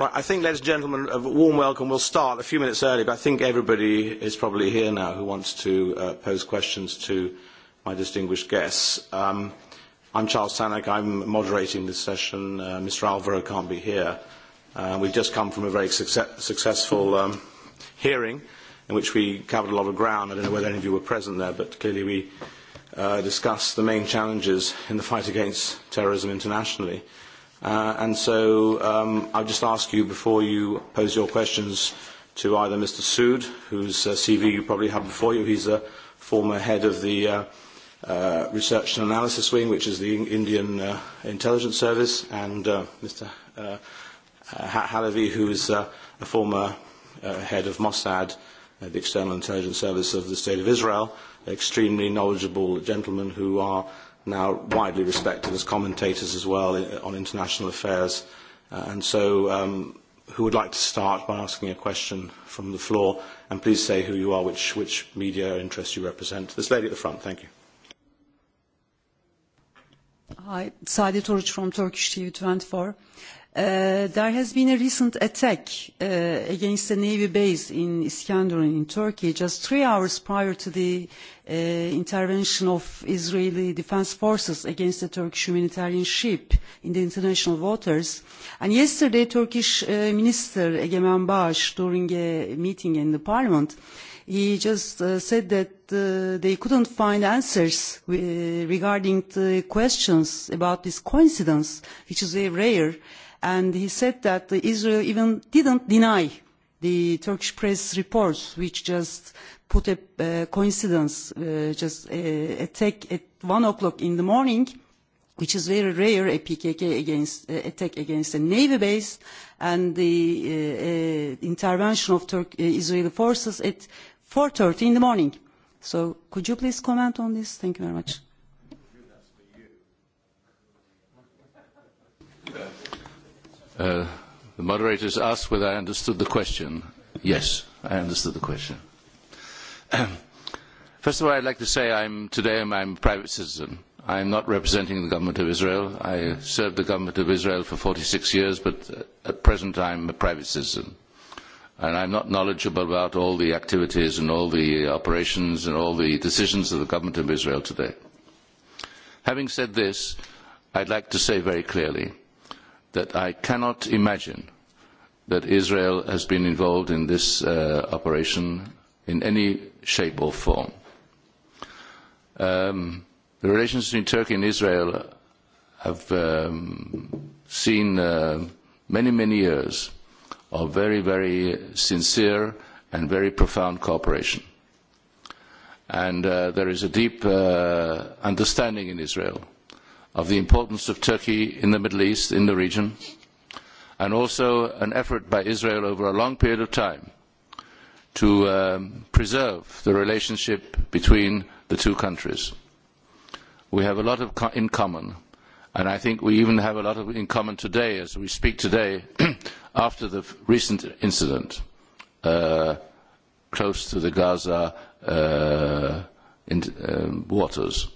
Right, I think, ladies and gentlemen, a warm welcome. We'll start a few minutes early, but I think everybody is probably here now who wants to uh, pose questions to my distinguished guests. Um, I'm Charles Tannock. I'm moderating this session. Uh, Mr. Alvaro can't be here. Uh, we've just come from a very success- successful um, hearing in which we covered a lot of ground. I don't know whether any of you were present there, but clearly we uh, discussed the main challenges in the fight against terrorism internationally and so um, I'll just ask you before you pose your questions to either Mr. Sood, whose uh, CV you probably have before you. He's a former head of the uh, uh, Research and Analysis Wing, which is the Indian uh, Intelligence Service, and uh, Mr. Uh, Halavi, who is uh, a former uh, head of Mossad, uh, the External Intelligence Service of the State of Israel, extremely knowledgeable gentlemen who are now widely respected as commentators as well on international affairs. and so um, who would like to start by asking a question from the floor? And please say who you are, which, which media interests you represent. This lady at the front, thank you. Hi, Saadet Oruç from Turkish TV24 there has been a recent attack against a navy base in Iskenderun in Turkey just three hours prior to the intervention of Israeli defence forces against a Turkish humanitarian ship in the international waters. And yesterday, Turkish Minister Egemen Bağış, during a meeting in the parliament, he just said that they could not find answers regarding the questions about this coincidence, which is very rare And he said that Israel even didn't deny the Turkish press reports, which just put a coincidence, just attack at one o'clock in the morning, which is very rare, a PKK against, attack against a navy base, and the intervention of Israeli forces at four thirty in the morning. So could you please comment on this? Thank you very much. the moderators asked whether I understood the question. Yes, I understood the question. First of all, I'd like to say I'm, today I'm, I'm a private citizen. I am not representing the government of Israel. I served the government of Israel for forty six years, but at present I am a private citizen. And I am not knowledgeable about all the activities and all the operations and all the decisions of the government of Israel today. Having said this, I'd like to say very clearly that I cannot imagine that Israel has been involved in this uh, operation in any shape or form. Um, the relations between Turkey and Israel have um, seen uh, many, many years of very, very sincere and very profound cooperation. And uh, there is a deep uh, understanding in Israel of the importance of Turkey in the Middle East, in the region, and also an effort by Israel over a long period of time to preserve the relationship between the two countries. We have a lot in common, and I think we even have a lot in common today as we speak today after the recent incident close to the Gaza waters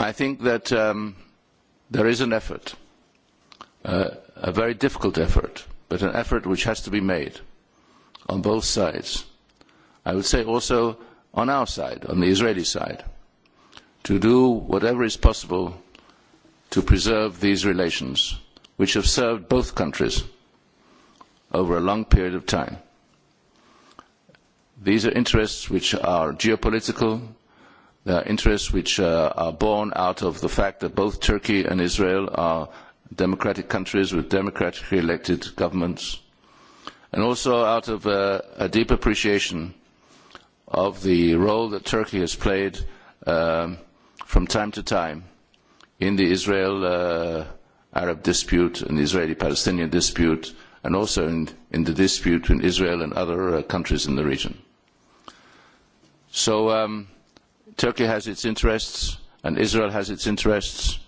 I think that um, there is an effort, uh, a very difficult effort, but an effort which has to be made on both sides. I would say also on our side, on the Israeli side, to do whatever is possible to preserve these relations, which have served both countries over a long period of time. These are interests which are geopolitical, interests which are born out of the fact that both Turkey and Israel are democratic countries with democratically elected governments, and also out of a deep appreciation of the role that Turkey has played from time to time in the Israel-Arab dispute and the Israeli-Palestinian dispute, and also in, the dispute between Israel and other countries in the region. So Turkey has its interests and Israel has its interests,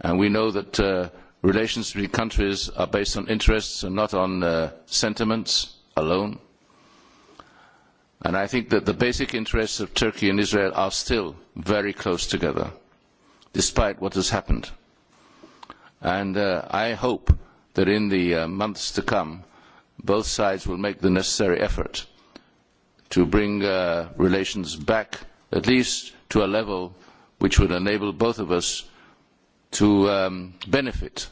and we know that relations between countries are based on interests and not on sentiments alone. And I think that the basic interests of Turkey and Israel are still very close together, despite what has happened. And I hope that in the months to come, both sides will make the necessary effort to bring relations back at least to a level which would enable both of us to benefit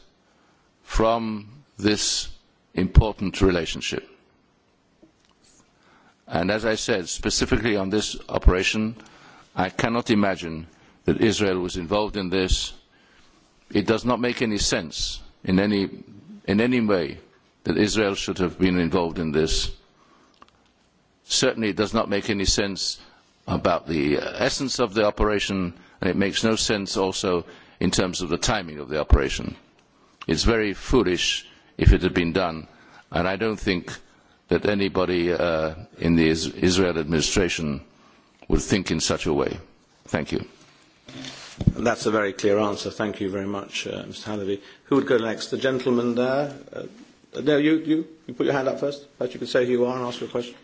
from this important relationship. And as I said, specifically on this operation, I cannot imagine that Israel was involved in this. It does not make any sense in any, in any way that Israel should have been involved in this. Certainly it does not make any sense about the essence of the operation, and it makes no sense also in terms of the timing of the operation. It is very foolish if it had been done, and I don't think that anybody in the Israel administration would think in such a way. Thank you. That is a very clear answer. Thank you very much, Mr. Halaby. Who would go next? The gentleman there? no, you, you, you put your hand up first. Perhaps you could say who you are and ask your question.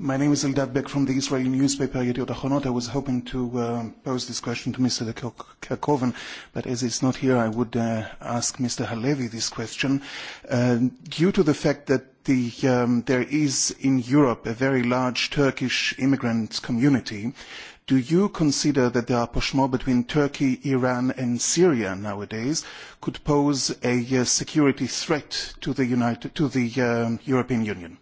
My name is Eldad Beck from the Israeli newspaper Yediot Achonot. I was hoping to uh, pose this question to Mr. Kerkoven, but as he's not here, I would uh, ask Mr. Halevi this question. Uh, due to the fact that the, um, there is in Europe a very large Turkish immigrant community, do you consider that the rapprochement between Turkey, Iran and Syria nowadays could pose a uh, security threat to the, United, to the um, European Union?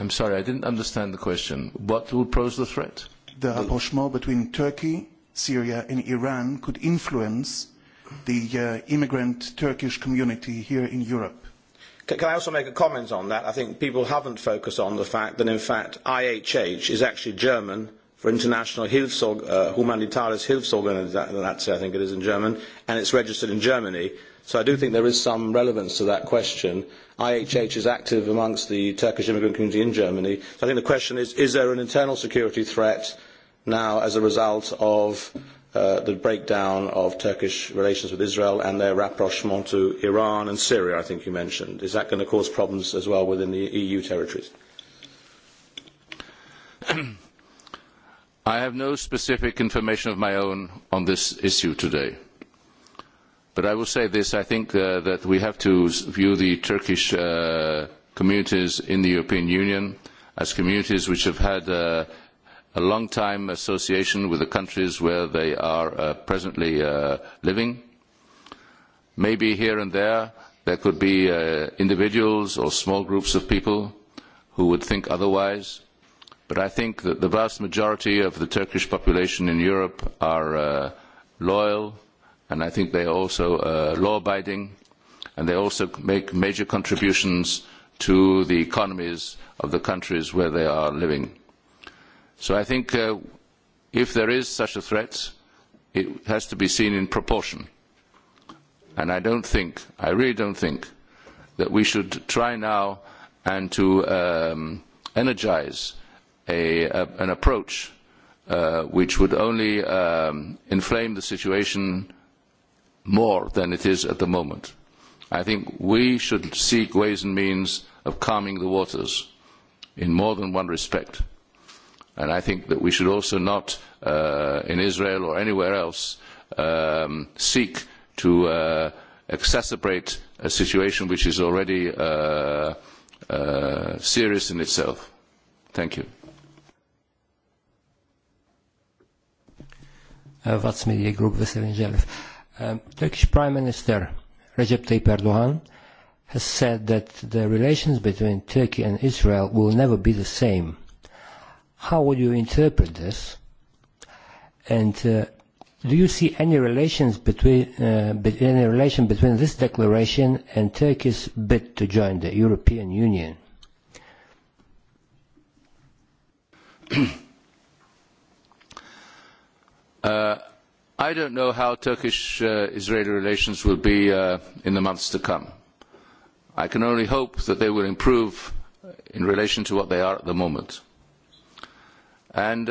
I'm sorry, I didn't understand the question. What will pose the threat? The rapprochement between Turkey, Syria, and Iran could influence the uh, immigrant Turkish community here in Europe. Can I also make a comment on that? I think people haven't focused on the fact that, in fact, IHH is actually German for International Hilfsorg- uh, Humanitaris Hilfsorganisation, I think it is in German, and it's registered in Germany So I do think there is some relevance to that question. IHH is active amongst the Turkish immigrant community in Germany. So I think the question is, is there an internal security threat now as a result of the breakdown of Turkish relations with Israel and their rapprochement to Iran and Syria, I think you mentioned. Is that going to cause problems as well within the EU territories? I have no specific information of my own on this issue today But I will say this, I think uh, that we have to view the Turkish uh, communities in the European Union as communities which have had uh, a long time association with the countries where they are uh, presently uh, living. Maybe here and there there could be uh, individuals or small groups of people who would think otherwise, but I think that the vast majority of the Turkish population in Europe are uh, loyal, and I think they are also uh, law-abiding, and they also make major contributions to the economies of the countries where they are living. So I think uh, if there is such a threat, it has to be seen in proportion. And I don't think, I really don't think, that we should try now and to um, energize a, a, an approach uh, which would only um, inflame the situation more than it is at the moment. I think we should seek ways and means of calming the waters in more than one respect. And I think that we should also not, uh, in Israel or anywhere else, um, seek to uh, exacerbate a situation which is already uh, uh, serious in itself. Thank you. Uh, Turkish Prime Minister Recep Tayyip Erdogan has said that the relations between Turkey and Israel will never be the same. How would you interpret this? And uh, do you see any relations between uh, any relation between this declaration and Turkey's bid to join the European Union? uh, I don't know how Turkish-Israeli relations will be in the months to come. I can only hope that they will improve in relation to what they are at the moment. And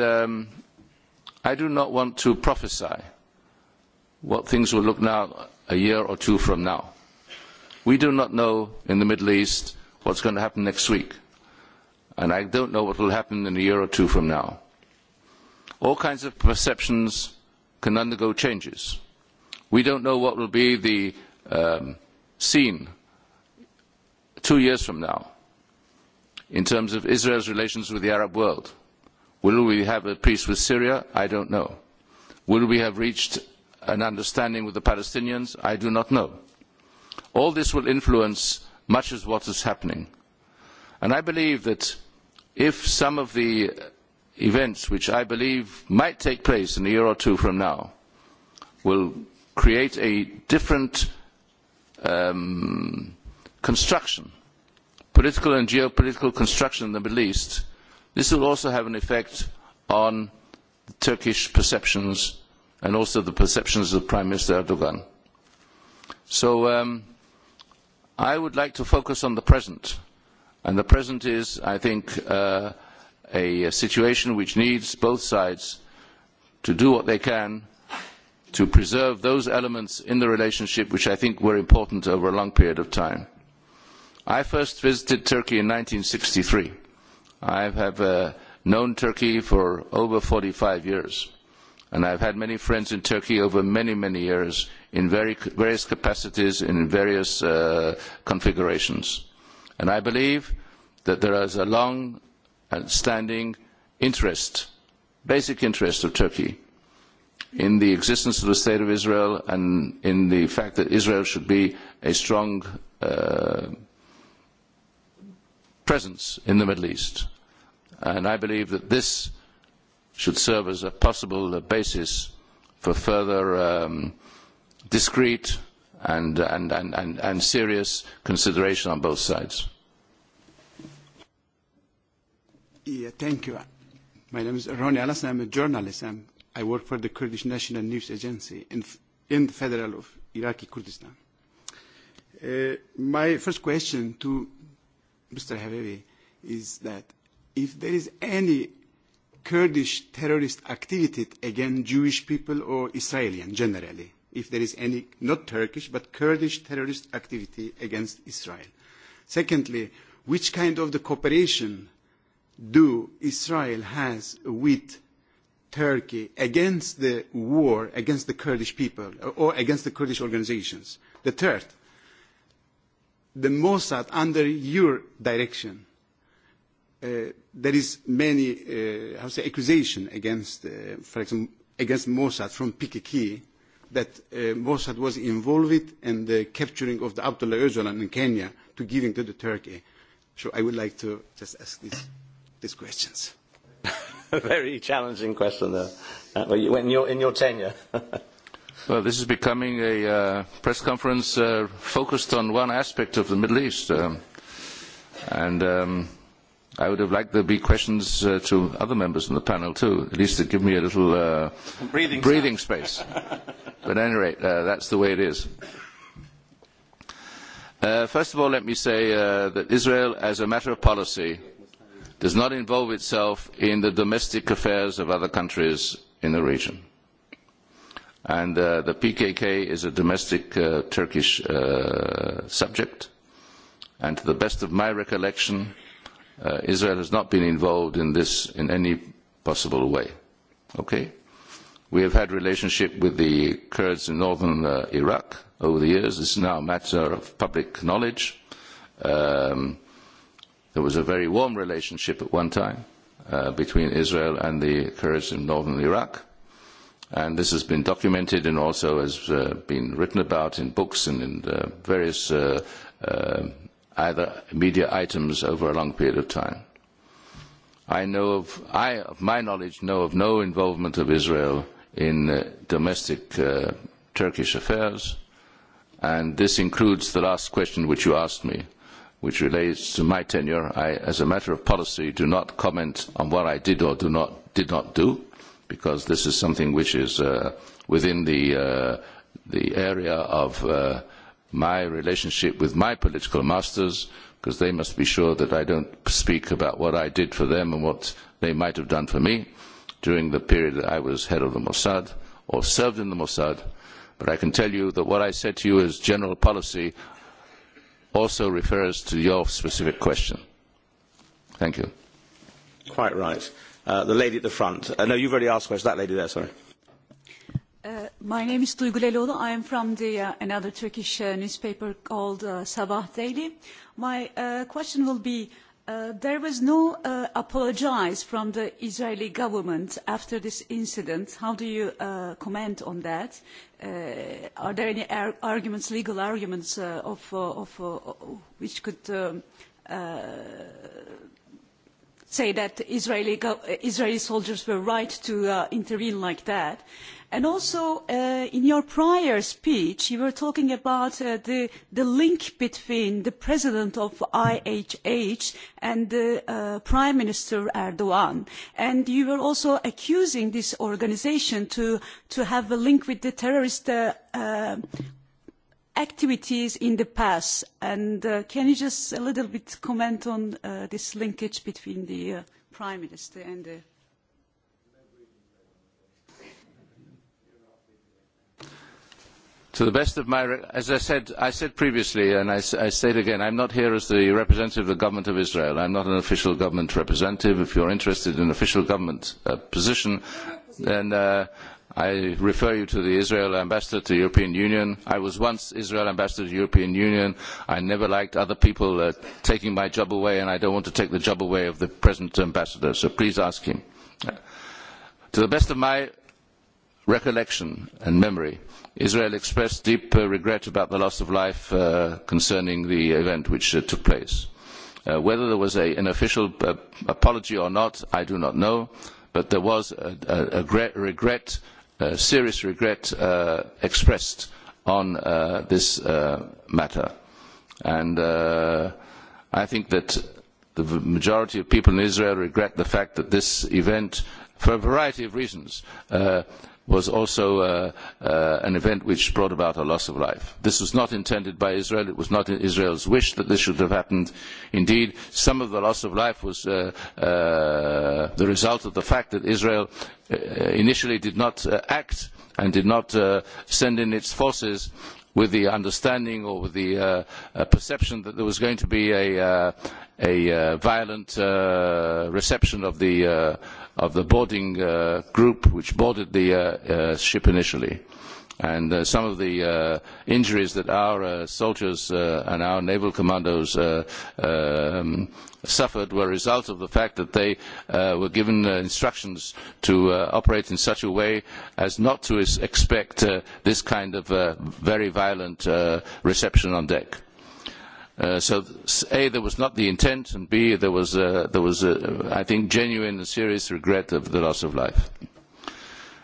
I do not want to prophesy what things will look now a year or two from now. We do not know in the Middle East what is going to happen next week. And I don't know what will happen in a year or two from now. All kinds of perceptions can undergo changes. We don't know what will be the um, scene two years from now in terms of Israel's relations with the Arab world. Will we have a peace with Syria? I don't know. Will we have reached an understanding with the Palestinians? I do not know. All this will influence much of what is happening. And I believe that if some of the events which I believe might take place in a year or two from now will create a different construction, political and geopolitical construction in the Middle East, this will also have an effect on Turkish perceptions and also the perceptions of Prime Minister Erdogan. So I would like to focus on the present. And the present is, I think, a situation which needs both sides to do what they can to preserve those elements in the relationship which I think were important over a long period of time. I first visited Turkey in sixty three. I have known Turkey for over forty five years, and I have had many friends in Turkey over many, many years in various capacities, in various configurations. And I believe that there is a long standing interest, basic interest of Turkey in the existence of the State of Israel and in the fact that Israel should be a strong presence in the Middle East. And I believe that this should serve as a possible basis for further discreet and, serious consideration on both sides. Yeah, thank you. My name is Ronnie Alas. I'm a journalist. I'm, I work for the Kurdish National News Agency in, in the federal of Iraqi Kurdistan. Uh, my first question to Mr. Habibi is that if there is any Kurdish terrorist activity against Jewish people or Israeli generally, if there is any, not Turkish, but Kurdish terrorist activity against Israel. Secondly, which kind of the cooperation do Israel has with Turkey against the war against the Kurdish people or against the Kurdish organisations. The third, the Mossad under your direction, there is many uh, how say accusation against, for example, against Mossad from PKK that Mossad was involved in the capturing of the Abdullah Öcalan in Kenya to giving to the Turkey. So I would like to just ask this these questions. Very challenging question, though, when you're in your tenure. Well, this is becoming a uh, press conference uh, focused on one aspect of the Middle East. Um, and um, I would have liked there to be questions uh, to other members in the panel, too, at least to give me a little uh, breathing, breathing space. but at any rate, uh, that's the way it is. Uh, first of all, let me say uh, that Israel, as a matter of policy, does not involve itself in the domestic affairs of other countries in the region. And the PKK is a domestic Turkish subject. And to the best of my recollection, Israel has not been involved in this in any possible way. Okay? We have had relationship with the Kurds in northern Iraq over the years. This is now a matter of public knowledge. Um, There was a very warm relationship at one time uh, between Israel and the Kurds in northern Iraq. And this has been documented and also has uh, been written about in books and in uh, various uh, uh, either media items over a long period of time. I know of, I, of my knowledge, know of no involvement of Israel in uh, domestic uh, Turkish affairs, and this includes the last question which you asked me which relates to my tenure, I, as a matter of policy, do not comment on what I did or do not, did not do, because this is something which is uh, within the, uh, the area of uh, my relationship with my political masters, because they must be sure that I don't speak about what I did for them and what they might have done for me during the period that I was head of the Mossad or served in the Mossad. But I can tell you that what I said to you is general policy, also refers to your specific question. Thank you. Quite right. Uh, the lady at the front. Uh, no, you've already asked questions. That lady there, sorry. Uh, my name is Duygu Leloğlu. I am from the, uh, another Turkish uh, newspaper called uh, Sabah Daily. My uh, question will be, uh, there was no uh, apologize from the Israeli government after this incident. How do you uh, comment on that? Uh, are there any ar arguments, legal arguments, uh, of, uh, of uh, which could um, uh, say that Israeli, go Israeli soldiers were right to uh, intervene like that? Uh, And also, in your prior speech, you were talking about the, link between the president of IHH and the Prime Minister Erdogan. And you were also accusing this organisation to, have a link with the terrorist activities in the past. And can you just a little bit comment on this linkage between the Prime Minister and the to the best of my, as I said, I said previously, and I, I it again, I'm not here as the representative of the government of Israel. I'm not an official government representative. If you're interested in an official government uh, position, then uh, I refer you to the Israel ambassador to the European Union. I was once Israel ambassador to the European Union. I never liked other people uh, taking my job away, and I don't want to take the job away of the present ambassador. So please ask him. To the best of my recollection and memory, Israel expressed deep regret about the loss of life concerning the event which took place. whether there was an official apology or not, I do not know, but there was a, regret, serious regret expressed on this matter. And I think that the majority of people in Israel regret the fact that this event, for a variety of reasons, was also uh, uh, an event which brought about a loss of life. This was not intended by Israel. It was not Israel's wish that this should have happened. Indeed, some of the loss of life was uh, uh, the result of the fact that Israel uh, initially did not uh, act and did not uh, send in its forces with the understanding or with the uh, uh, perception that there was going to be a, uh, a uh, violent uh, reception of the uh, of the boarding uh, group which boarded the uh, uh, ship initially. And uh, some of the uh, injuries that our uh, soldiers uh, and our naval commandos uh, um, suffered were a result of the fact that they uh, were given uh, instructions to uh, operate in such a way as not to expect uh, this kind of uh, very violent uh, reception on deck so a there was not the intent and b there was uh there was uh I think genuine and serious regret of the loss of life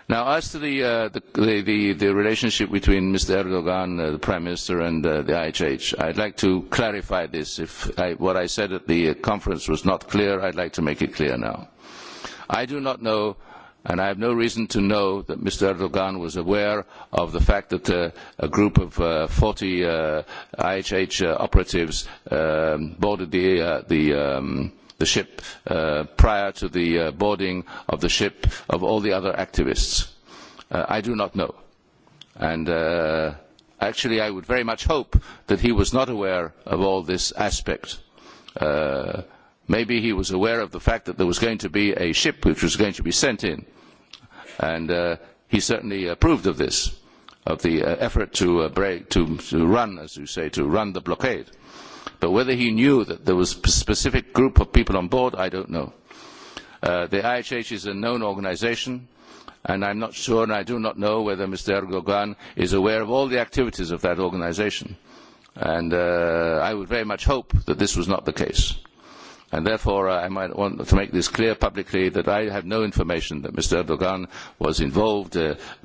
now as to the uh, the, the the relationship between Mr Erdogan uh, the prime minister and uh, the IHH I'd like to clarify this if I, what I said at the conference was not clear I'd like to make it clear now I do not know and I have no reason to know that Mr. Erdogan was aware of the fact that a group of forty IHH operatives boarded the, ship prior to the boarding of the ship of all the other activists. I do not know. And actually, I would very much hope that he was not aware of all this aspect. Uh, Maybe he was aware of the fact that there was going to be a ship which was going to be sent in. And uh, he certainly approved of this, of the uh, effort to, uh, break, to, to run, as you say, to run the blockade. But whether he knew that there was a specific group of people on board, I don't know. Uh, the IHH is a known organization, and I'm not sure, and I do not know whether Mr. Erdogan is aware of all the activities of that organization. And uh, I would very much hope that this was not the case And therefore, I might want to make this clear publicly that I have no information that Mr. Erdogan was involved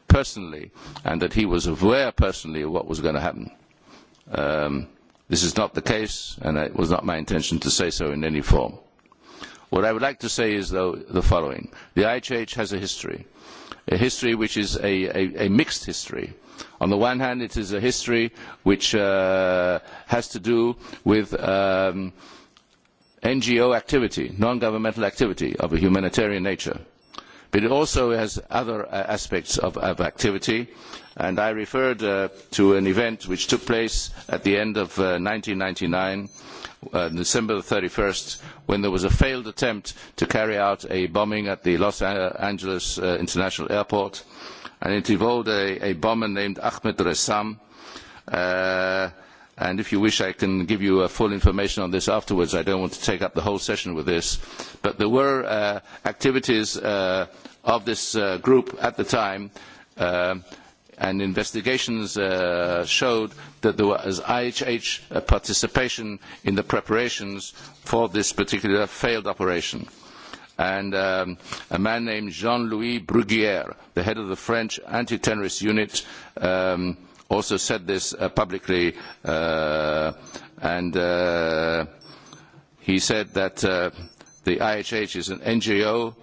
personally and that he was aware personally of what was going to happen. this is not the case, and it was not my intention to say so in any form. What I would like to say is, though, the following. The IHH has a history, a history which is a, mixed history. On the one hand, it is a history which has to do with NGO activity, non-governmental activity of a humanitarian nature. But it also has other aspects of, activity, and I referred to an event which took place at the end of uh, 1999, uh, December the 31st, when there was a failed attempt to carry out a bombing at the Los Angeles International Airport, and it involved a, bomber named Ahmed Ressam, and if you wish I can give you full information on this afterwards. I don't want to take up the whole session with this. But there were activities of this group at the time and investigations showed that there was IHH participation in the preparations for this particular failed operation. a man named Jean-Louis Bruguière, the head of the French anti-terrorist unit, um, also said this publicly, and he said that the IHH is an NGO,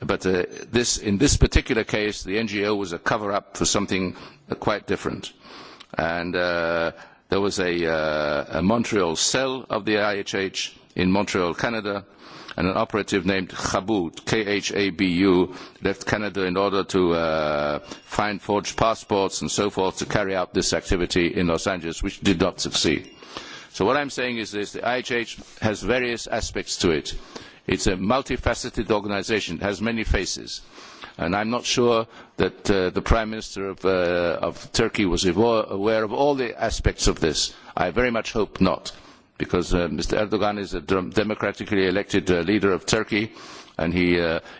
but this, in this particular case, the NGO was a cover-up for something quite different. And there was a, Montreal cell of the IHH in Montreal, Canada, and an operative named Khabut, K-H-A-B-U, left Canada in order to find forged passports and so forth to carry out this activity in Los Angeles, which did not succeed. So what I am saying is this, the IHH has various aspects to it. It is a multifaceted organisation, it has many faces. And I am not sure that the Prime Minister of, Turkey was aware of all the aspects of this. I very much hope not because Mr. Erdogan is a democratically elected leader of Turkey, and he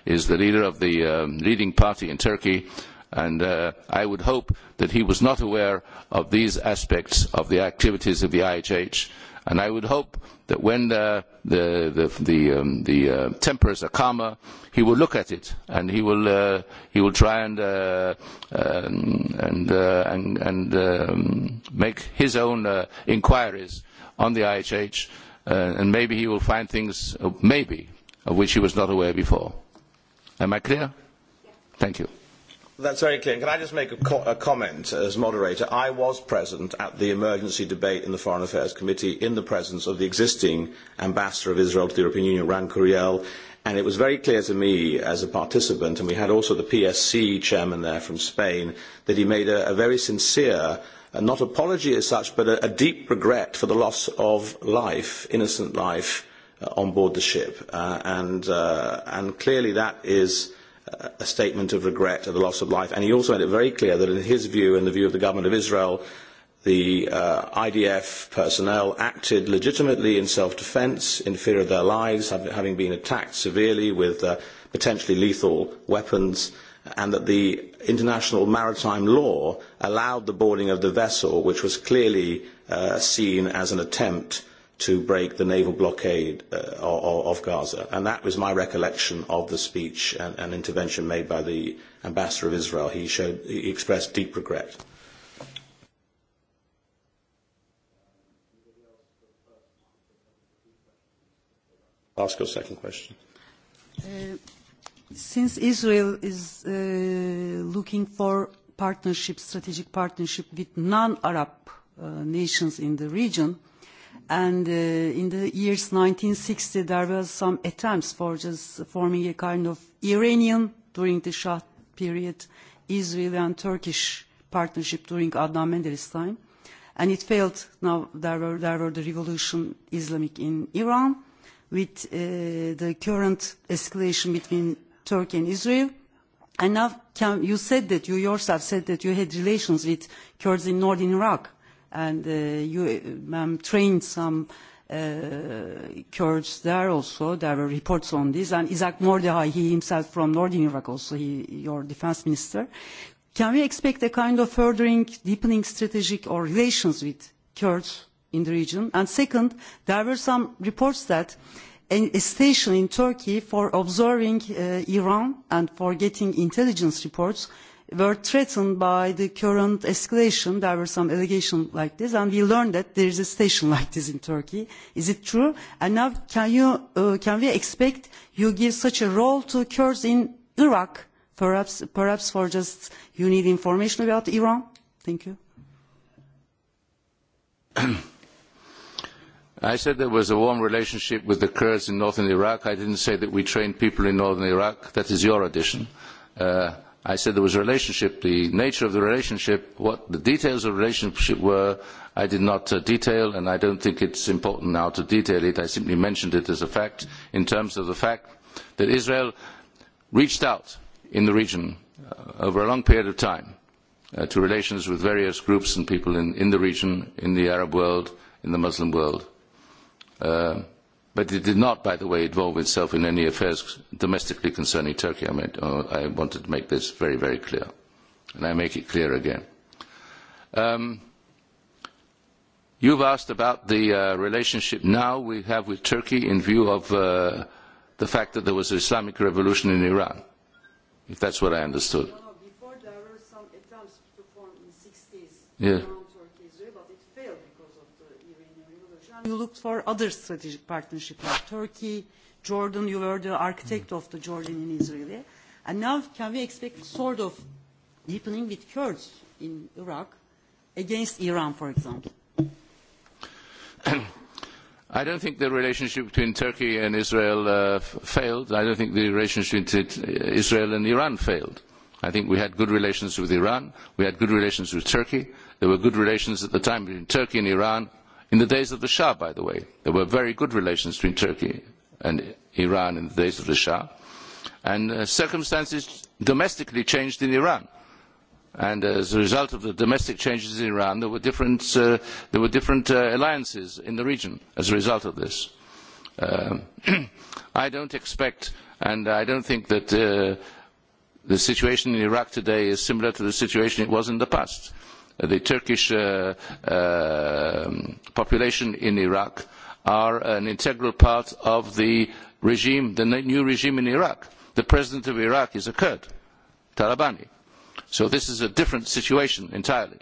is the leader of the leading party in Turkey. And I would hope that he was not aware of these aspects of the activities of the IHH And I would hope that when the, the, the, the, um, the uh, tempers are calmer, he will look at it and he will, uh, he will try and, uh, um, and, uh, and, and um, make his own uh, inquiries on the IHH uh, and maybe he will find things, uh, maybe, of which he was not aware before. Am I clear? Thank you. That's very clear. Can I just make a, co- a comment as moderator? I was present at the emergency debate in the Foreign Affairs Committee in the presence of the existing ambassador of Israel to the European Union, Ran Kuriel, and it was very clear to me as a participant, and we had also the PSC chairman there from Spain, that he made a, a very sincere not apology as such, but a, deep regret for the loss of life, innocent life, on board the ship. and, clearly that is a statement of regret at the loss of life. And he also made it very clear that in his view and the view of the government of Israel, the IDF personnel acted legitimately in self-defense in fear of their lives, having been attacked severely with potentially lethal weapons, and that the international maritime law allowed the boarding of the vessel, which was clearly seen as an attempt to break the naval blockade uh, of, of Gaza. And that was my recollection of the speech and, and intervention made by the ambassador of Israel. He, showed, he expressed deep regret. Ask your second question. Uh, since Israel is uh, looking for partnership, strategic partnership with non-Arab uh, nations in the region, uh, And uh, in the years 1960, there were some attempts for just forming a kind of Iranian, during the Shah period, Israeli and Turkish partnership during Adnan Menderes' time. And it failed. Now there were, there were the revolution Islamic in Iran with uh, the current escalation between Turkey and Israel. And now can, you said that, you yourself said that you had relations with Kurds in northern Iraq and uh, you, um, trained some Kurds there also. There were reports on this. And Isaac Mordehai, he himself from northern Iraq also, he, your defense minister. Can we expect a kind of furthering, deepening strategic or relations with Kurds in the region? And second, there were some reports that a station in Turkey for observing Iran and for getting intelligence reports were threatened by the current escalation. There were some allegations like this, and we learned that there is a station like this in Turkey. Is it true? And now, can you uh, can we expect you give such a role to Kurds in Iraq? Perhaps, perhaps for just you need information about Iran. Thank you. I said there was a warm relationship with the Kurds in northern Iraq. I didn't say that we trained people in northern Iraq. That is your addition. Uh, I said there was a relationship, the nature of the relationship, what the details of the relationship were, I did not detail, and I don't think it is important now to detail it. I simply mentioned it as a fact in terms of the fact that Israel reached out in the region over a long period of time to relations with various groups and people in, the region, in the Arab world, in the Muslim world. But it did not, by the way, involve itself in any affairs domestically concerning Turkey. I, meant, oh, I wanted to make this very, very clear. And I make it clear again. Um, you've asked about the uh, relationship now we have with Turkey in view of uh, the fact that there was an Islamic revolution in Iran, if that's what I understood. before there were some attempts to form in the 60s. Yeah. you looked for other strategic partnerships like Turkey, Jordan, you were the architect of the Jordan in Israeli. And now can we expect sort of deepening with Kurds in Iraq against Iran, for example? I don't think the relationship between Turkey and Israel uh, failed. I don't think the relationship between Israel and Iran failed. I think we had good relations with Iran. We had good relations with Turkey. There were good relations at the time between Turkey and Iran In the days of the Shah, by the way, there were very good relations between Turkey and Iran in the days of the Shah. And circumstances domestically changed in Iran. And as a result of the domestic changes in Iran, there were different, there were different alliances in the region as a result of this. I don't expect, and I don't think that the situation in Iraq today is similar to the situation it was in the past the Turkish population in Iraq are an integral part of the regime, the new regime in Iraq. The president of Iraq is a Kurd, Talabani. So this is a different situation entirely.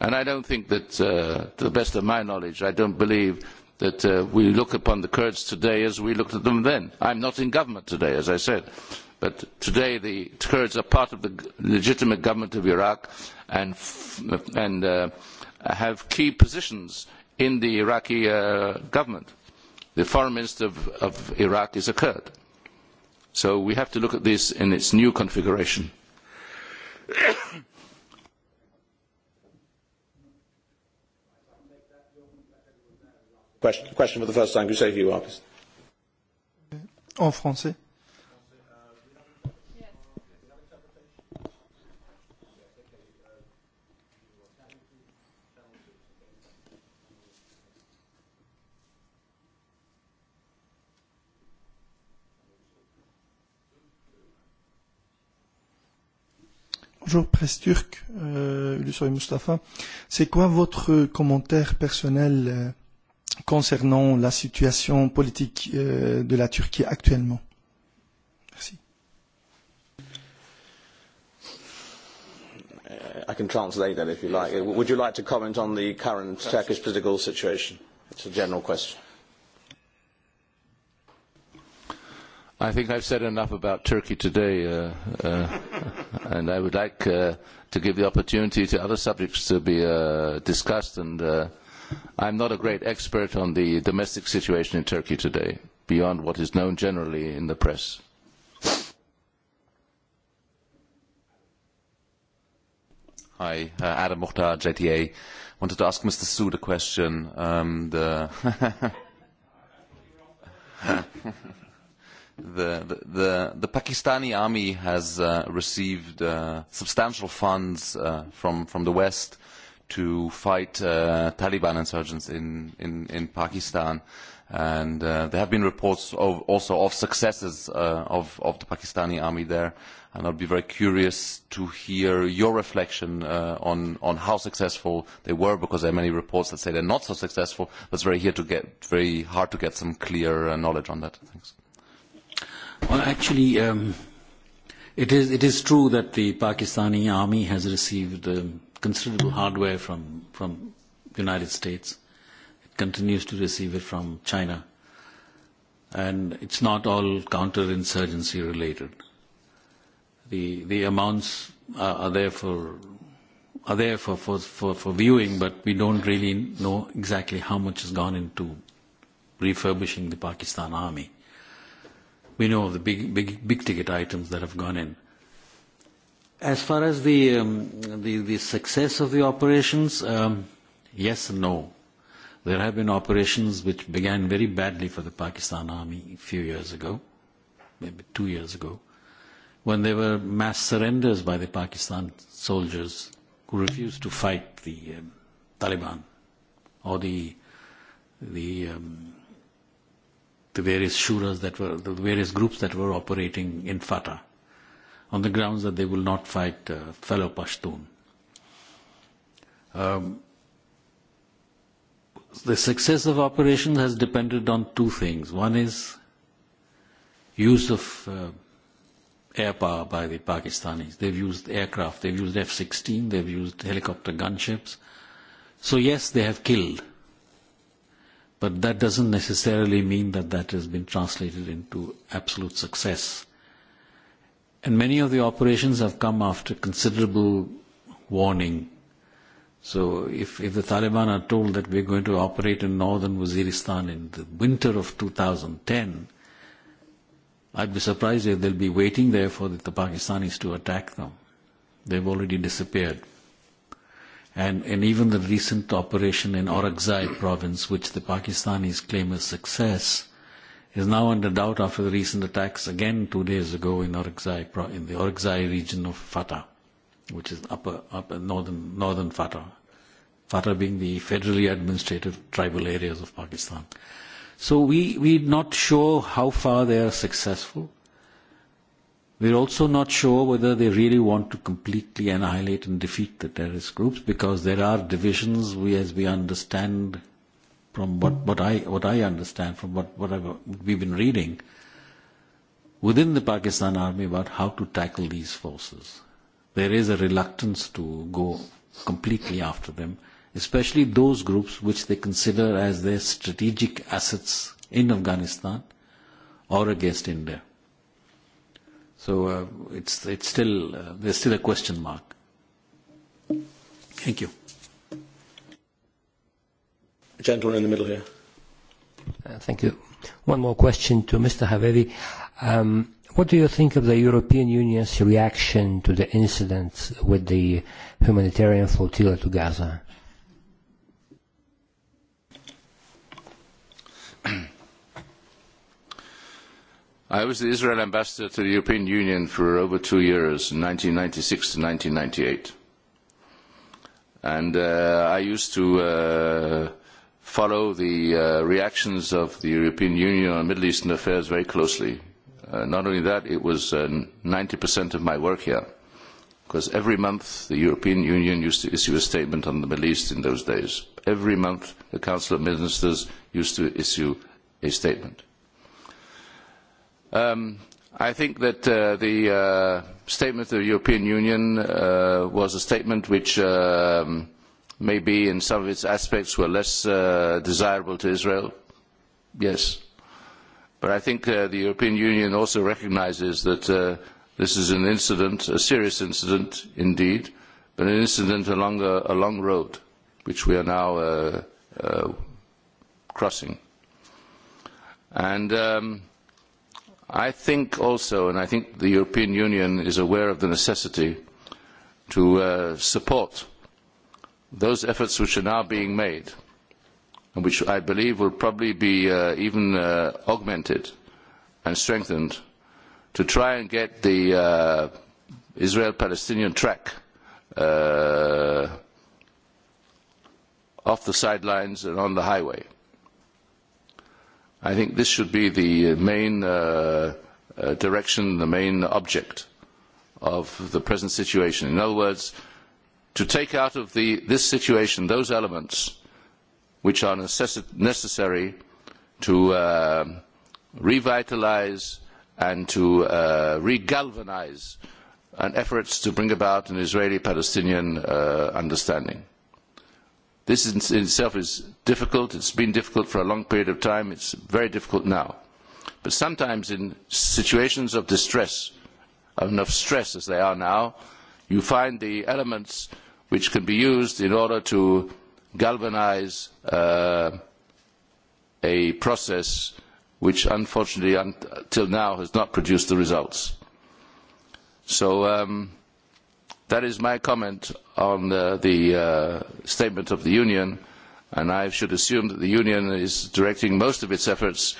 And I don't think that, to the best of my knowledge, I don't believe that we look upon the Kurds today as we looked at them then. I am not in government today, as I said But today the Kurds are part of the legitimate government of Iraq and, have key positions in the Iraqi government. The foreign minister of, Iraq is a Kurd. So we have to look at this in its new configuration. Question, question for the first time. you are. En français. Bonjour presse turque, euh, Mustafa. C'est quoi votre commentaire personnel euh, concernant la situation politique euh, de la Turquie actuellement Merci. I can translate that if you like. Would you like to comment on the current Turkish political situation? It's a general question. I think I've said enough about Turkey today, uh, uh, and I would like uh, to give the opportunity to other subjects to be uh, discussed. And uh, I'm not a great expert on the domestic situation in Turkey today, beyond what is known generally in the press. Hi, uh, Adam Mukhtar, JTA. Wanted to ask Mr. Sood a question. Um, the the, the, the Pakistani army has uh, received uh, substantial funds uh, from, from the West to fight uh, Taliban insurgents in, in, in Pakistan. And uh, there have been reports of, also of successes uh, of, of the Pakistani army there. And I'd be very curious to hear your reflection uh, on, on how successful they were, because there are many reports that say they're not so successful. But it's very, here to get, very hard to get some clear uh, knowledge on that. Thanks. Well, actually, um, it is it is true that the Pakistani army has received um, considerable hardware from from the United States. It continues to receive it from China, and it's not all counterinsurgency related. The the amounts are, are there for are there for, for, for, for viewing, but we don't really know exactly how much has gone into refurbishing the Pakistan army we know of the big, big, big ticket items that have gone in. As far as the, um, the, the success of the operations, um, yes and no. There have been operations which began very badly for the Pakistan army a few years ago, maybe two years ago, when there were mass surrenders by the Pakistan soldiers who refused to fight the um, Taliban or the, the um, the various shuras that were, the various groups that were operating in Fatah on the grounds that they will not fight uh, fellow Pashtun. Um, the success of operations has depended on two things. One is use of uh, air power by the Pakistanis. They've used aircraft, they've used F-16, they've used helicopter gunships. So yes, they have killed But that doesn't necessarily mean that that has been translated into absolute success. And many of the operations have come after considerable warning. So if, if the Taliban are told that we're going to operate in northern Waziristan in the winter of 2010, I'd be surprised if they'll be waiting there for the Pakistanis to attack them. They've already disappeared and, and even the recent operation in Orakzai province, which the Pakistanis claim as success, is now under doubt after the recent attacks again two days ago in Orakzai, pro in the Orakzai region of Fatah, which is upper, upper northern, northern Fatah, Fatah being the federally administrative tribal areas of Pakistan. So we, we're not sure how far they are successful We're also not sure whether they really want to completely annihilate and defeat the terrorist groups because there are divisions we, as we understand from what, what, I, what I understand from what, what I've, we've been reading within the Pakistan army about how to tackle these forces. There is a reluctance to go completely after them, especially those groups which they consider as their strategic assets in Afghanistan or against India So uh, it's, it's still, uh, there's still a question mark. Thank you. gentleman in the middle here. thank you. One more question to Mr. Haveri. Um, what do you think of the European Union's reaction to the incident with the humanitarian flotilla to Gaza? I was the Israel ambassador to the European Union for over two years, in 1996 to 1998. And uh, I used to uh, follow the uh, reactions of the European Union on Middle Eastern affairs very closely. Uh, not only that, it was uh, of my work here, because every month the European Union used to issue a statement on the Middle East in those days. Every month the Council of Ministers used to issue a statement I think that the statement of the European Union was a statement which maybe in some of its aspects were less desirable to Israel. Yes. But I think the European Union also recognises that this is an incident, a serious incident indeed, but an incident along a, long road which we are now crossing. And I think also, and I think the European Union is aware of the necessity to support those efforts which are now being made and which I believe will probably be even augmented and strengthened to try and get the Israel-Palestinian track off the sidelines and on the highway. I think this should be the main uh, uh, direction, the main object of the present situation. In other words, to take out of the, this situation those elements which are necess- necessary to uh, revitalise and to uh, galvanise and efforts to bring about an Israeli-Palestinian uh, understanding. This in itself is difficult. It's been difficult for a long period of time. It's very difficult now. But sometimes in situations of distress, enough stress as they are now, you find the elements which can be used in order to galvanize a process which unfortunately until now has not produced the results. So um, That is my comment on the statement of the Union, and I should assume that the Union is directing most of its efforts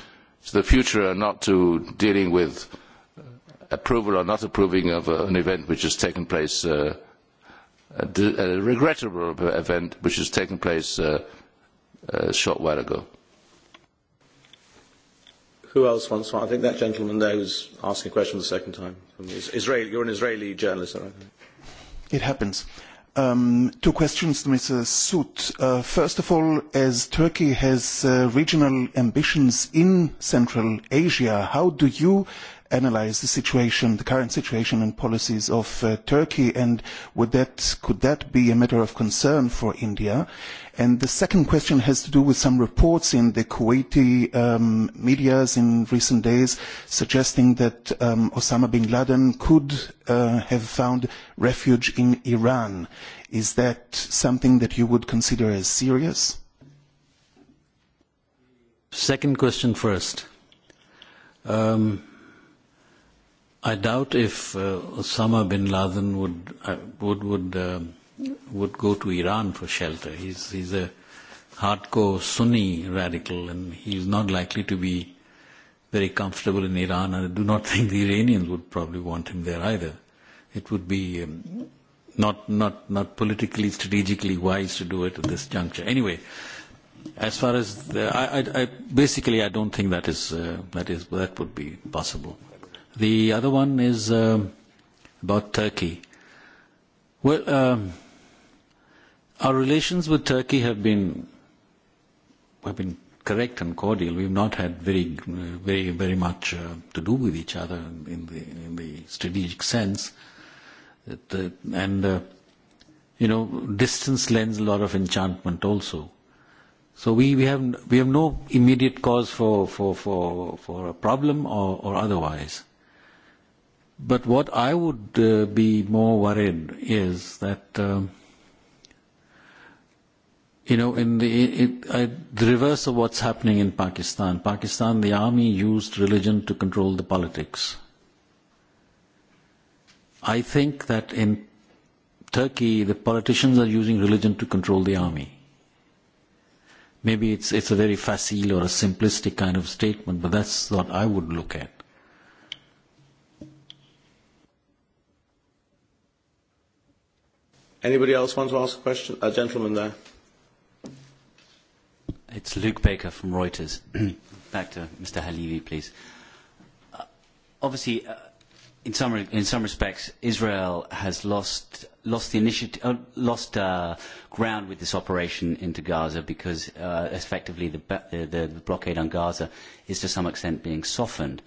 to the future and not to dealing with approval or not approving of an event which has taken place, a regrettable event which has taken place a short while ago. Who else wants one? I think that gentleman there is asking a question the second time. From the you're an Israeli journalist, aren't think. It happens. Um, two questions to Mr. Soot. Uh, first of all, as Turkey has uh, regional ambitions in Central Asia, how do you analyze the situation, the current situation and policies of Turkey, and would that, could that be a matter of concern for India? And the second question has to do with some reports in the Kuwaiti um, medias in recent days suggesting that um, Osama bin Laden could uh, have found refuge in Iran. Is that something that you would consider as serious? Second question first. Um, I doubt if uh, Osama bin Laden would uh, would would. uh would go to Iran for shelter. He's, he's a hardcore Sunni radical, and he's not likely to be very comfortable in Iran. And I do not think the Iranians would probably want him there either. It would be um, not, not, not politically, strategically wise to do it at this juncture. Anyway, as far as the, I, I, I, basically, I don't think that is uh, that is that would be possible. The other one is um, about Turkey. Well. Um, Our relations with Turkey have been have been correct and cordial. We've not had very very very much uh, to do with each other in the in the strategic sense. and uh, you know, distance lends a lot of enchantment also. So we, we have we have no immediate cause for for for, for a problem or, or otherwise. But what I would uh, be more worried is that. Um, you know, in the it, it, the reverse of what's happening in Pakistan. Pakistan, the army used religion to control the politics. I think that in Turkey, the politicians are using religion to control the army. Maybe it's it's a very facile or a simplistic kind of statement, but that's what I would look at. Anybody else want to ask a question? A gentleman there. It's Luke Baker from Reuters. Back to Mr. Halivi, please. Uh, obviously, uh, in some in some respects, Israel has lost lost the initiative, uh, lost uh, ground with this operation into Gaza because uh, effectively the, the the blockade on Gaza is to some extent being softened.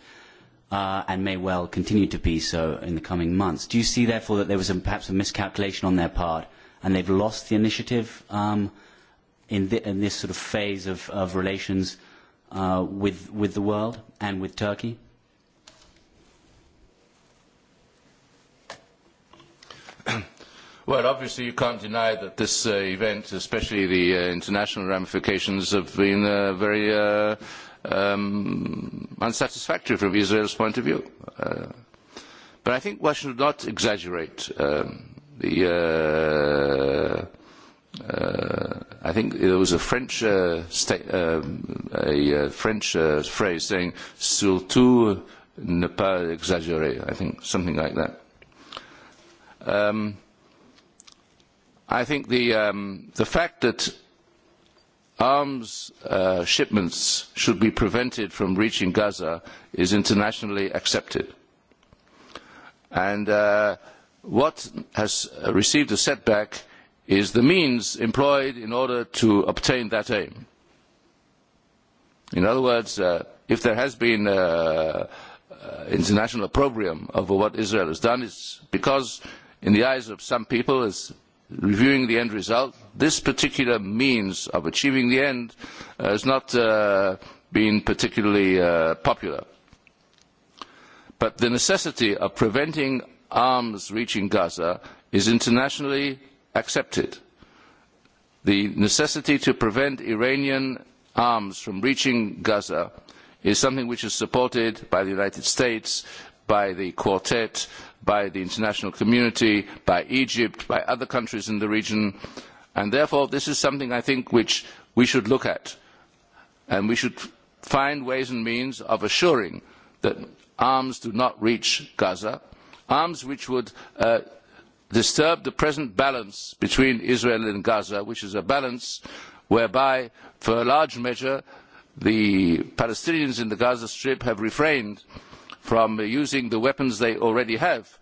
Uh, and may well continue to be so in the coming months. Do you see, therefore, that there was a, perhaps a miscalculation on their part, and they've lost the initiative um, in, the, in this sort of phase of, of relations uh, with, with the world and with Turkey? Well, obviously, you can't deny that this uh, event, especially the uh, international ramifications, have been uh, very uh, um, unsatisfactory from Israel's point of view. Uh, but I think one should not exaggerate um, the. Uh, uh, I think there was a French uh, sta- uh, a uh, French uh, phrase saying "surtout ne pas exagérer." I think something like that. Um, I think the um, the fact that arms uh, shipments should be prevented from reaching Gaza is internationally accepted, and uh, what has received a setback is the means employed in order to obtain that aim. In other words, if there has been international opprobrium over what Israel has done, it is because, in the eyes of some people, as reviewing the end result, this particular means of achieving the end has not been particularly popular. But the necessity of preventing arms reaching Gaza is internationally accepted. The necessity to prevent Iranian arms from reaching Gaza is something which is supported by the United States, by the Quartet, by the international community, by Egypt, by other countries in the region. And therefore, this is something I think which we should look at. And we should find ways and means of assuring that arms do not reach Gaza, arms which would disturb the present balance between Israel and Gaza, which is a balance whereby, for a large measure, the Palestinians in the Gaza Strip have refrained from using the weapons they already have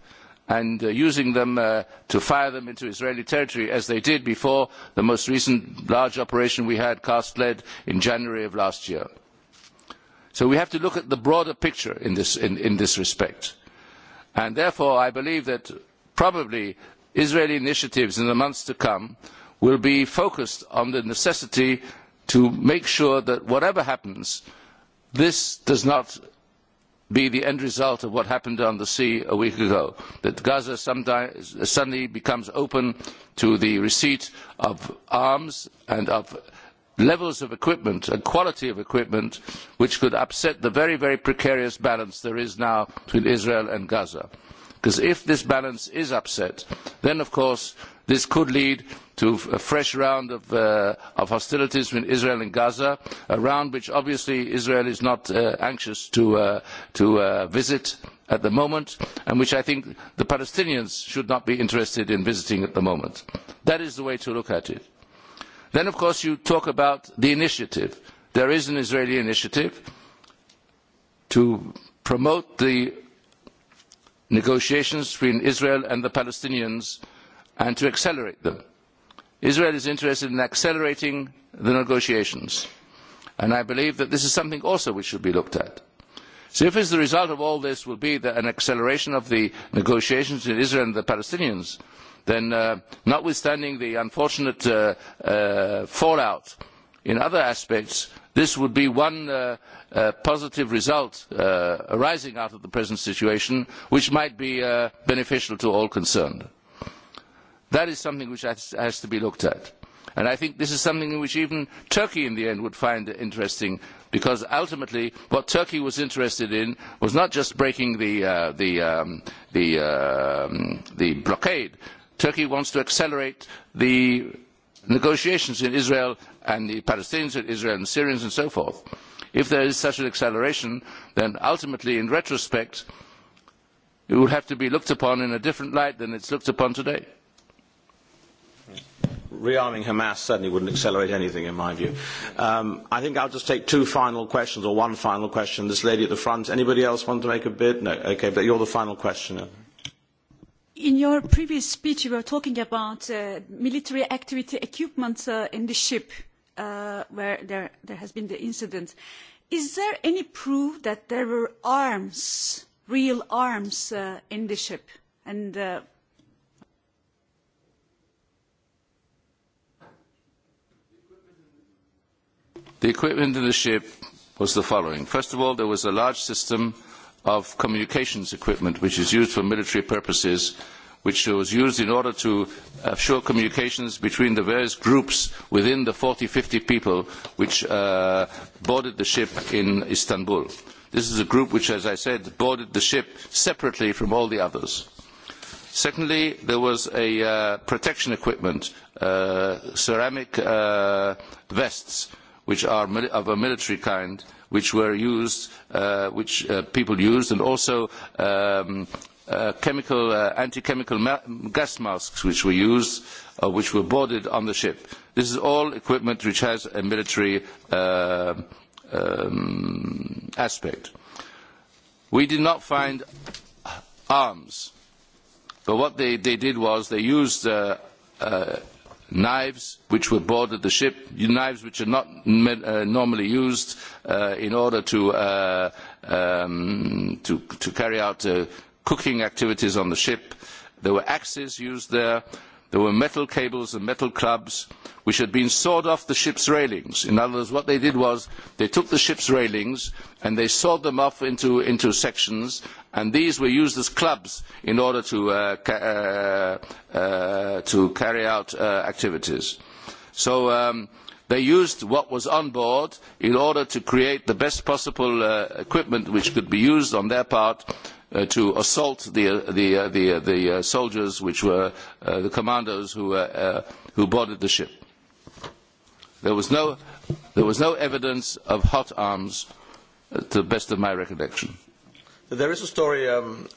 and using them to fire them into Israeli territory, as they did before the most recent large operation we had, cast lead, in January of last year. So we have to look at the broader picture in this, respect. And therefore, I believe that probably Israeli initiatives in the months to come will be focused on the necessity to make sure that whatever happens, this does not be the end result of what happened on the sea a week ago, that Gaza suddenly becomes open to the receipt of arms and of levels of equipment and quality of equipment which could upset the very, very precarious balance there is now between Israel and Gaza. Because if this balance is upset, then of course this could lead to a fresh round of, hostilities between Israel and Gaza, a round which obviously Israel is not anxious to, visit at the moment, and which I think the Palestinians should not be interested in visiting at the moment. That is the way to look at it. Then, of course, you talk about the initiative. There is an Israeli initiative to promote the negotiations between Israel and the Palestinians and to accelerate them. Israel is interested in accelerating the negotiations. And I believe that this is something also which should be looked at. So if the result of all this will be an acceleration of the negotiations between Israel and the Palestinians, then notwithstanding the unfortunate fallout in other aspects, this would be one positive result arising out of the present situation, which might be beneficial to all concerned. That is something which has, to be looked at. And I think this is something in which even Turkey in the end would find interesting, because ultimately what Turkey was interested in was not just breaking the blockade. Turkey wants to accelerate the negotiations in Israel and the Palestinians in Israel and Syrians and so forth, if there is such an acceleration, then ultimately, in retrospect, it will have to be looked upon in a different light than it is looked upon today. Rearming Hamas certainly would not accelerate anything, in my view. I think I will just take two final questions, or one final question. This lady at the front. Anybody else want to make a bid? No. Okay, but you are the final questioner. In your previous speech, you were talking about military activity equipment in the ship where there, has been the incident. Is there any proof that there were arms, real arms, in the ship? And The equipment in the ship was the following. First of all, there was a large system of communications equipment which is used for military purposes, which was used in order to assure communications between the various groups within the 40, 50 people which boarded the ship in Istanbul. This is a group which, as I said, boarded the ship separately from all the others. Secondly, there was a protection equipment, ceramic vests, which are of a military kind, which were used, which people used, and also chemical, anti-chemical gas masks which were used, which were boarded on the ship. This is all equipment which has a military aspect. We did not find arms, but what they, did was they used knives which were boarded the ship, knives which are not normally used in order to, carry out cooking activities on the ship. There were axes used there There were metal cables and metal clubs which had been sawed off the ship's railings. In other words, what they did was they took the ship's railings and they sawed them off into, sections, and these were used as clubs in order to, carry out activities. So they used what was on board in order to create the best possible equipment which could be used on their part to assault the, the, the, the soldiers, which were the commandos who, were, who boarded the ship. There was, no, there was no evidence of hot arms, to the best of my recollection. There is a story um,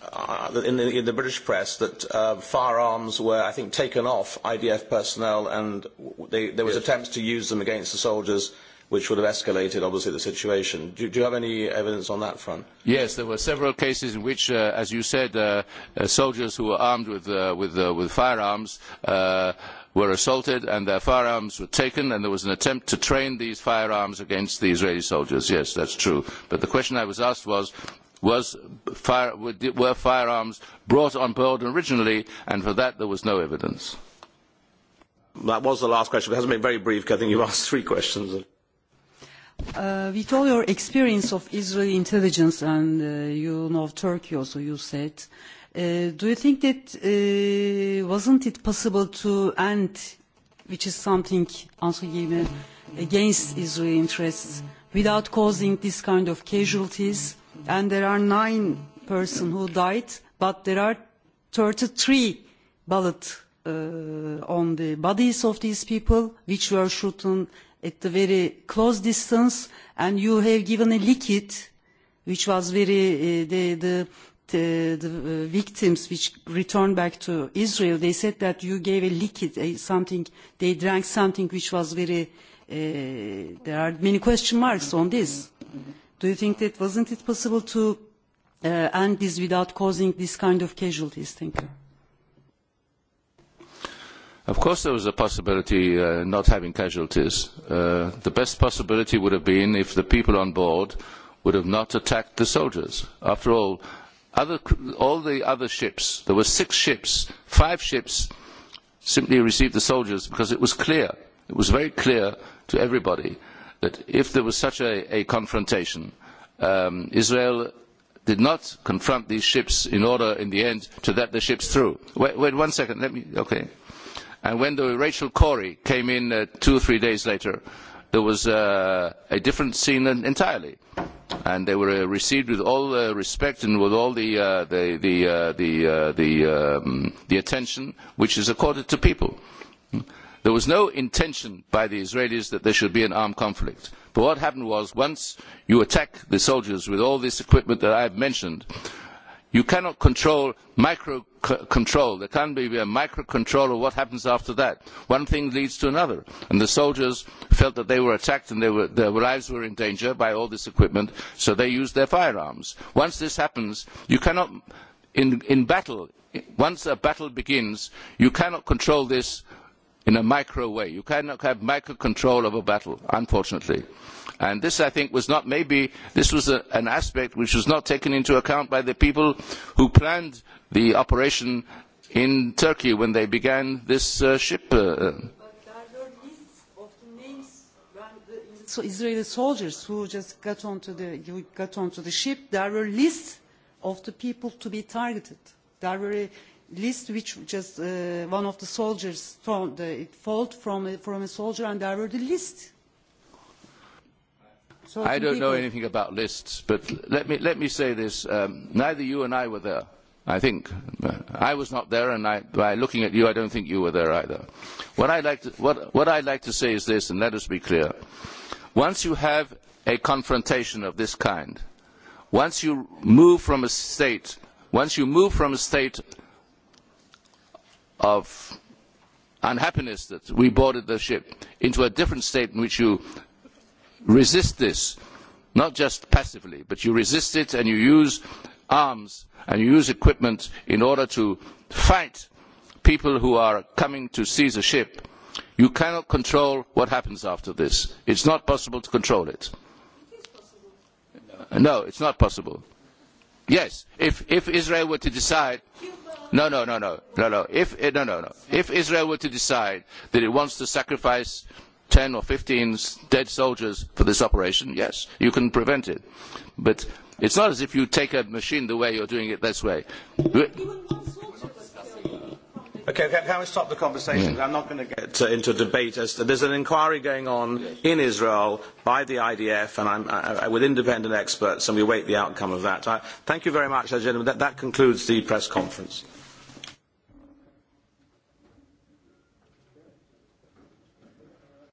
in, the, in the British press that uh, firearms were, I think, taken off IDF personnel, and they, there was attempts to use them against the soldiers which would have escalated, obviously, the situation. Do, do you have any evidence on that front? Yes, there were several cases in which, uh, as you said, uh, uh, soldiers who were armed with, uh, with, uh, with firearms uh, were assaulted and their firearms were taken, and there was an attempt to train these firearms against the Israeli soldiers. Yes, that's true. But the question I was asked was, was fire, were firearms brought on board originally, and for that there was no evidence. That was the last question. It hasn't been very brief. I think you've asked three questions. Uh, with all your experience of Israeli intelligence and uh, you know Turkey also, you said, uh, do you think that uh, wasn't it possible to end, which is something also given against Israeli interests, without causing this kind of casualties? And there are nine persons who died, but there are 33 bullets uh, on the bodies of these people, which were shooting at a very close distance, and you have given a liquid, which was very uh, the the the, the victims which returned back to Israel. They said that you gave a liquid, a, something they drank something which was very. Uh, there are many question marks on this. Do you think that wasn't it possible to uh, end this without causing this kind of casualties? Thank you. Of course, there was a possibility uh, not having casualties. Uh, the best possibility would have been if the people on board would have not attacked the soldiers. After all, other, all the other ships, there were six ships, five ships simply received the soldiers because it was clear, it was very clear to everybody that if there was such a, a confrontation, um, Israel did not confront these ships in order, in the end, to let the ships through. Wait, wait one second, let me, okay. And when the Rachel Corey came in two or three days later, there was a different scene entirely. And they were received with all the respect and with all the, the, the, the, the, the attention which is accorded to people. There was no intention by the Israelis that there should be an armed conflict. But what happened was, once you attack the soldiers with all this equipment that I have mentioned, you cannot control micro control. There can be a micro control of what happens after that. One thing leads to another. And the soldiers felt that they were attacked and their lives were in danger by all this equipment, so they used their firearms. Once this happens, you cannot, in, in battle, once a battle begins, you cannot control this in a micro way. You cannot have micro control of a battle, unfortunately. And this, I think, was not maybe, this was a, an aspect which was not taken into account by the people who planned the operation in Turkey when they began this uh, ship. Uh, So Israeli soldiers who just got onto the who got onto the ship. There were lists of the people to be targeted. There were a list which just uh, one of the soldiers told, it fell from a, from a soldier, and there were the list I don't know anything about lists, but let me, let me say this. Um, neither you and I were there, I think. I was not there, and I, by looking at you, I don't think you were there either. What I'd, like to, what, what I'd like to say is this, and let us be clear. Once you have a confrontation of this kind, once you move from a state, once you move from a state of unhappiness that we boarded the ship into a different state in which you resist this, not just passively, but you resist it and you use arms and you use equipment in order to fight people who are coming to seize a ship. You cannot control what happens after this. It is not possible to control it. No, it is not possible. Yes, if, if Israel were to decide, no, no, no, no, no, no. If no, no, no. If Israel were to decide that it wants to sacrifice ten or fifteen dead soldiers for this operation, yes, you can prevent it. But it is not as if you take a machine the way you are doing it this way. Okay, can we stop the conversation? I am not going to get into a debate. As to, there's an inquiry going on in Israel by the IDF and I'm, I with independent experts, and we await the outcome of that. I, thank you very much, gentlemen. That, that concludes the press conference.